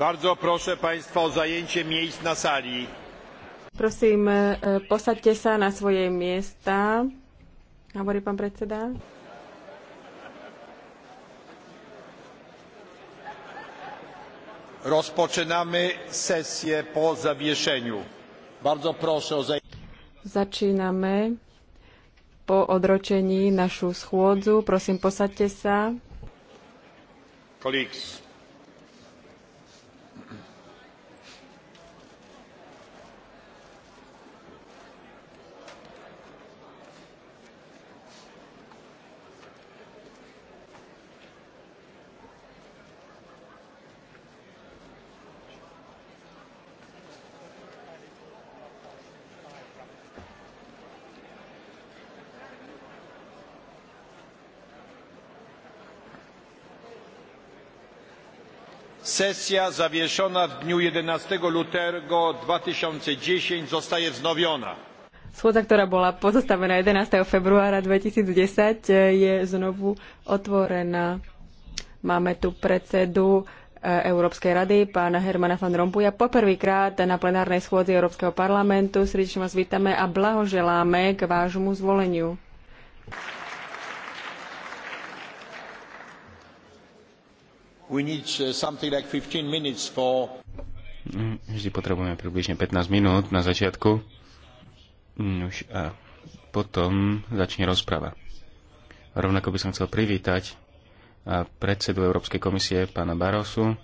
Bardzo proszę Państwa o zajęcie miejsc na sali. Prosím, e, posaďte sa na svoje miesta, hovorí pán predseda. Rozpočenáme sesie po zaviešeniu. Bardzo proszę o zajęcie. Začíname po odročení našu schôdzu. Prosím, posaďte sa. Colleagues. Sesja zawieszona w dniu 11 lutego 2010 zostaje wznowiona. Schôdza, ktorá bola pozostavená 11. februára 2010, e, je znovu otvorená. Máme tu predsedu e, Európskej rady, pána Hermana van Rompuja. Poprvýkrát na plenárnej schôdzi Európskeho parlamentu srdečne vás vítame a blahoželáme k vášmu zvoleniu. Uh, mm, vždy potrebujeme približne 15 minút na začiatku. Mm, už a potom začne rozprava. Rovnako by som chcel privítať predsedu Európskej komisie, pána Barosu.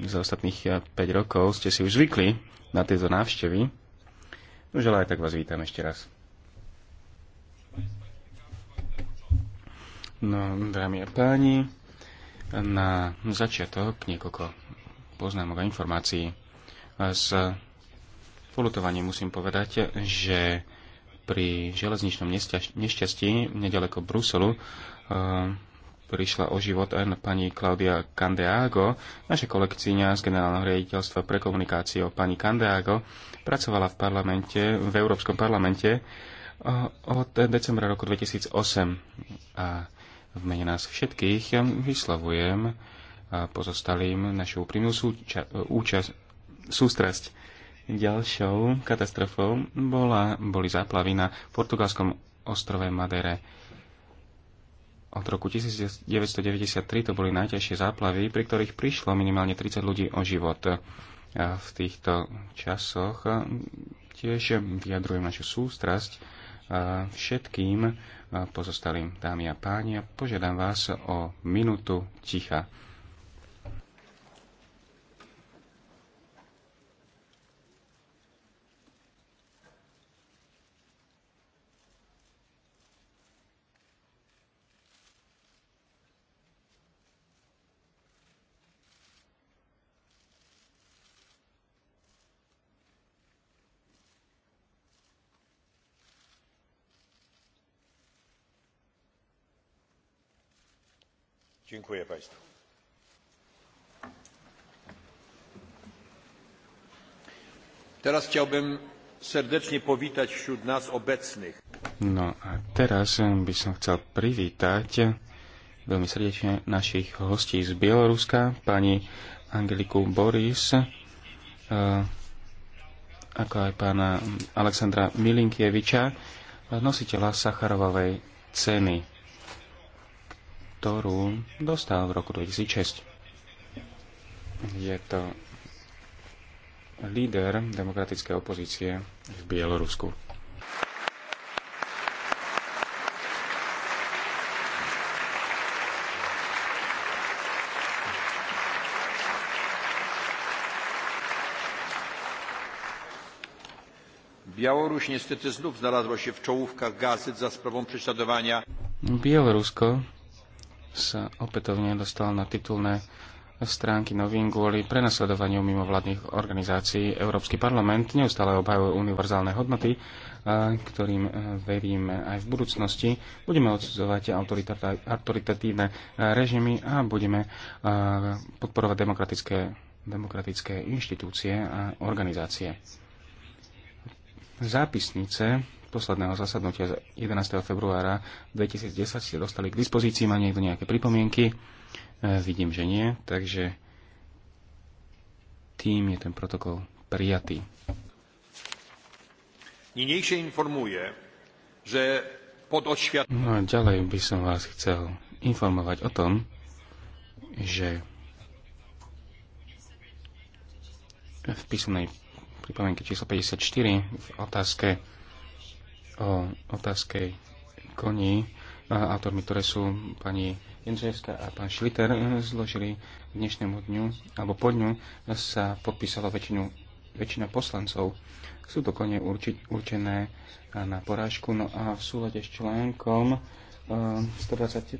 Za ostatných 5 rokov ste si už zvykli na tieto návštevy. Už ale aj tak vás vítam ešte raz. No, dámy a páni, na začiatok niekoľko poznámok a informácií. S polutovaním musím povedať, že pri železničnom nešťastí nedaleko Bruselu eh, prišla o život aj pani Claudia Candeago. Naša kolekcíňa z generálneho riaditeľstva pre komunikáciu pani Candeago pracovala v parlamente, v Európskom parlamente eh, od decembra roku 2008 a v mene nás všetkých vyslovujem pozostalým našu úprimnú účasť, sústrasť. Ďalšou katastrofou bola, boli záplavy na portugalskom ostrove Madere. Od roku 1993 to boli najťažšie záplavy, pri ktorých prišlo minimálne 30 ľudí o život. A v týchto časoch tiež vyjadrujem našu sústrasť všetkým pozostalým dámy a páni a požiadam vás o minútu ticha. dziękuję państwu. teraz chciałbym serdecznie powitać wśród nas obecnych. No a teraz by som chcel privítať veľmi srdečne našich hostí z Bieloruska, pani Angeliku Boris, ako aj pána Aleksandra Milinkieviča, nositeľa Sacharovovej ceny ktorú dostal v roku 2006. Je to líder demokratickej opozície v Bielorusku. Białoruś niestety znów znalazła się w czołówkach gazet za sprawą prześladowania. Białorusko sa opätovne dostal na titulné stránky novín kvôli prenasledovaniu mimovládnych organizácií. Európsky parlament neustále obhajuje univerzálne hodnoty, ktorým e, veríme aj v budúcnosti. Budeme odsudzovať autoritatívne e, režimy a budeme e, podporovať demokratické, demokratické inštitúcie a organizácie. Zápisnice posledného zasadnutia z 11. februára 2010 ste dostali k dispozícii. Má niekto nejaké pripomienky? E, vidím, že nie, takže tým je ten protokol prijatý. Niniejšie informuje, že pod oświat... No a ďalej by som vás chcel informovať o tom, že v písomnej pripomienke číslo 54 v otázke o otázke koní. Autormi, ktoré sú pani Jendřejevská a pán Šliter, zložili k dnešnému dňu, alebo po dňu sa podpísala väčšinu, väčšina poslancov. Sú to kone urči, určené na porážku, no a v súlade s článkom 120 eh,